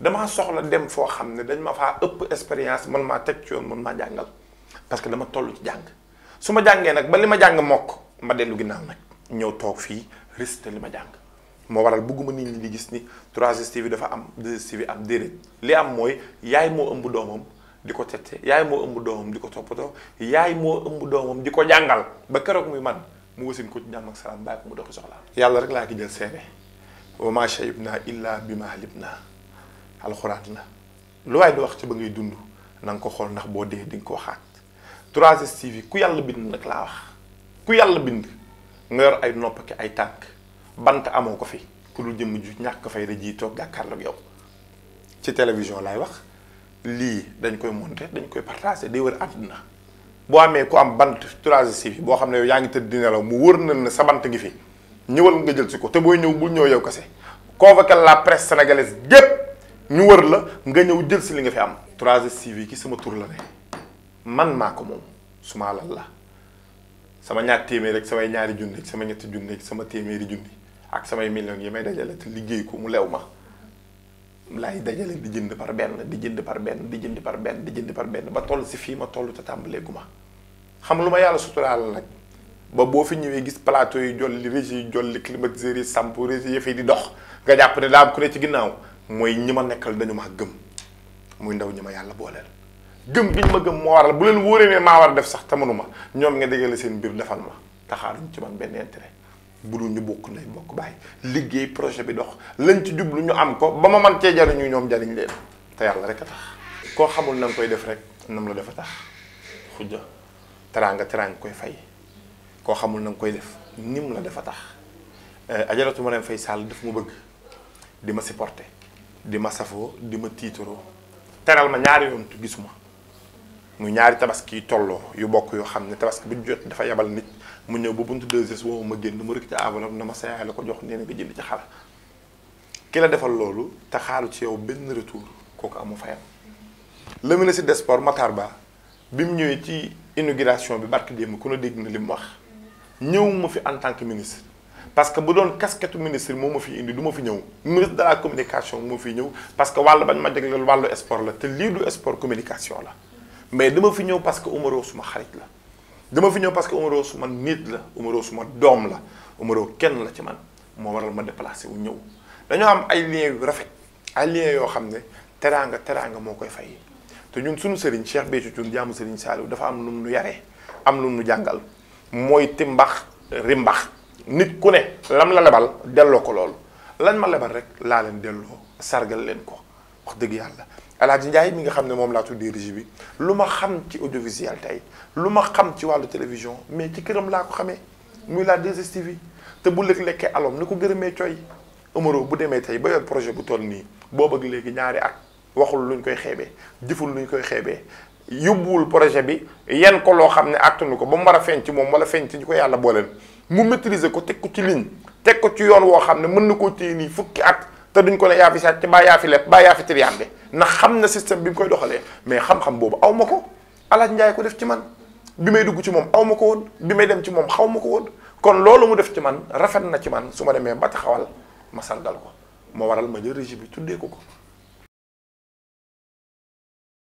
damaa soxla dem foo xam ne dañ ma faa ëpp expérience man maa teg ci yoon man maa jàngal parce que dama toll ci jàng su ma jàngee nag ba li ma jàng mokk ma dellu ginnaaw nag ñëw toog fii resté li ma jàng moo waral bëgguma nit ñi di gis ni 3STV dafa am 2STV am déedéet li am mooy yaay moo ëmb doomam di ko tette yaay moo ëmb doomam di ko toppatoo yaay moo ëmb doomam di ko jàngal ba keroog muy man mu wasin ko ci jàmm ak salaam bàyyi ko mu doxi soxla yàlla rek laa ki jël seede wa ma shayibna illa bi ma naa alxuraan la lu waaye di wax ci ba ngay dund na nga ko xool ndax boo dee di nga ko waxaat 3STV yi ku yàlla bind nag laa wax ku yàlla bind nga yor ay nopp ki ay tànk bant amoo ko fi ku dul jëmm ju ñàkk fay da ji toog jàkkaarloog ci télévision laay wax lii dañ koy monter dañ koy partager day wër àdduna boo amee ku am bant 3STV boo xam ne yow yaa ngi tëdd di nelaw mu wër na ne sa bant ngi fi ñëwal nga jël si ko te booy ñëw bul ñëw yow kese convoquer la presse sénégalaise gépp ñu wër la nga ñëw jël si li nga fi am 3STV yi ki sama tur la ne man maa ko moom su ma alal la sama ñaar téeméer rek samay ñaari junni sama ñetti junni sama téeméeri junni ak samay millions yi may dajale te liggéey ko mu lew ma laay dajale di jënd par benn di jënd par benn di jënd par benn di jënd par benn ba toll si fii ma toll te tàmbaleeku ma xam lu ma yàlla suturaal nag ba boo fi ñëwee gis palaato yi jolli régie yi jolli climatiseurs yi samp régie yi di dox nga jàpp ne daa ci ginnaaw mooy ñi ma nekkal dañu maa gëm muy ndaw ñi ma yàlla booleel gëm bi ñu ma gëm moo waral bu leen wóoree ne maa war def sax tamanu ma ñoom nga déggale seen mbir defal ma taxaaruñ ci man benn intérêt bu dul ñu bokk lay bokk bàyyi liggéey projet bi dox lañ ci jublu ñu am ko ba ma man cee jariñu ñoom jariñ leen te yàlla rek a tax koo xamul na nga koy def rek nam la dafa tax xujja teraanga koy fay koo xamul na koy def nim la dafa tax eh, ajaratu ma fay sàll daf mu bëgg di ma supporter di ma safoo di ma tiitaroo teral ma ñaari yoon gisuma mu ñaari tabaski tolloo yu bokk yoo xam ne tabaski bu jot dafa yabal nit mu ñëw ba buntu deux s woo ma génn mu rëkk ci enveloppe na ma sa yaay la ko jox nee na nga jënd ci xala ki la defal loolu te xaaru ci yow benn retour kooku amu fayam. le ministre des sports Matar Ba bi mu ñëwee ci inauguration bi barki démb ku ne dégg na li mu wax ñëw ma fi en tant que ministre. parce que bu doon casquette ministre moo ma fi indi duma ma fi ñëw ministre de la communication moo fi ñëw parce que wàll bañ ma jagleel wàllu sport la te lii du sport communication la mais dama fi ñëw parce que Omaro suma xarit la dama fi ñëw parce que Omaro suma nit la Omaro suma doom la Omaro kenn la ci man moo waral ma déplacé wu ñëw dañoo am ay liens yu rafet ay liens yoo xam ne teraanga teraanga moo koy fay te ñun suñu sëriñ Cheikh Béthio Thioune jaamu sëriñ Saliou dafa am lu mu am lu mu jàngal mooy timbax rimbax nit ku ne lam la lebal delloo ko loolu lan ma lebal rek laa leen delloo sargal leen ko wax dëgg yàlla Alaaji Njaay mi nga xam ne moom laa tuddee régie bi lu ma xam ci audiovisuel tey lu ma xam ci wàllu télévision mais ci këram laa ko xamee muy la 2STV te bu lëg lekkee alom ni ko gërëmee coy Omaro bu demee tey ba yor projet bu toll nii boo léegi ñaari at waxul luñ koy xeebee jëful luñ koy xeebee yóbbuwul projet bi yenn ko loo xam ne àttanu ko ba mu a feeñ ci moom wala feeñ ci ñu ko yàlla booleen mu maîtriser ko teg ko ci ligne teg ko ci yoon woo xam ne mën na koo téye nii fukki at te duñ ko ne yaa fi sàcc baa yaa fi leb baa yaa fi triande ndax xam na système bi mu koy doxalee mais xam-xam boobu aw ma ko alaaj njaay ko def ci man bi may dugg ci moom aw ma ko woon bi may dem ci moom xaw ma ko woon kon loolu mu def ci man rafet na ci man su ma demee ba taxawal ma sargal ko moo waral ma jël régie bi tuddee ko ko